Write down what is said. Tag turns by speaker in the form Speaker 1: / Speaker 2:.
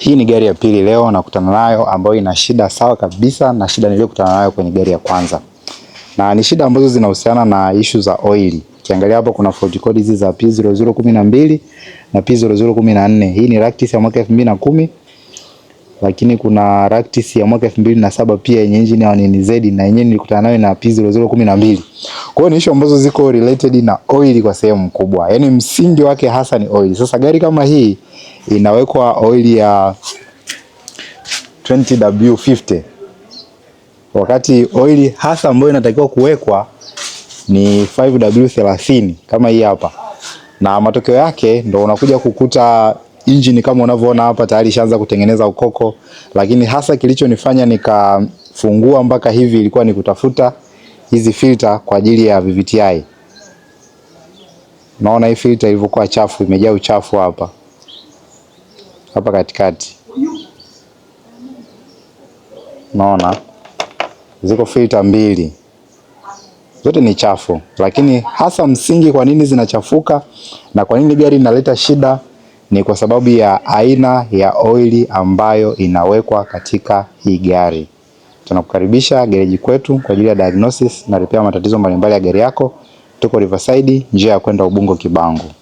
Speaker 1: Hii ni gari ya pili leo nakutana nayo ambayo ina shida sawa kabisa na shida niliyokutana nayo kwenye gari ya kwanza, na ni shida ambazo zinahusiana na ishu za oil. Ukiangalia hapo kuna fault code hizi za P0012 na P0014. Hii ni Lactis ya mwaka 2010 lakini kuna Lactis ya mwaka 2007 pia yenye engine ya nini Z na yenyewe nilikutana nayo na P0012. Kwa hiyo ni issue ambazo ziko related na oil kwa sehemu kubwa. Yaani msingi wake hasa ni oil. Sasa gari kama hii inawekwa oili ya 20W50 wakati oili hasa ambayo inatakiwa kuwekwa ni 5W30 kama hii hapa, na matokeo yake ndo unakuja kukuta injini kama unavyoona hapa tayari ishaanza kutengeneza ukoko. Lakini hasa kilichonifanya nikafungua mpaka hivi ilikuwa ni kutafuta hizi filter kwa ajili ya VVTi. Unaona hii filter ilivyokuwa chafu, imejaa uchafu hapa hapa katikati, unaona ziko filter mbili, zote ni chafu, lakini hasa msingi kwa nini zinachafuka na kwa nini gari inaleta shida ni kwa sababu ya aina ya oili ambayo inawekwa katika hii gari. Tunakukaribisha gereji kwetu kwa ajili ya diagnosis na repair matatizo mbalimbali ya gari yako. Tuko Riverside, njia ya kwenda Ubungo Kibangu.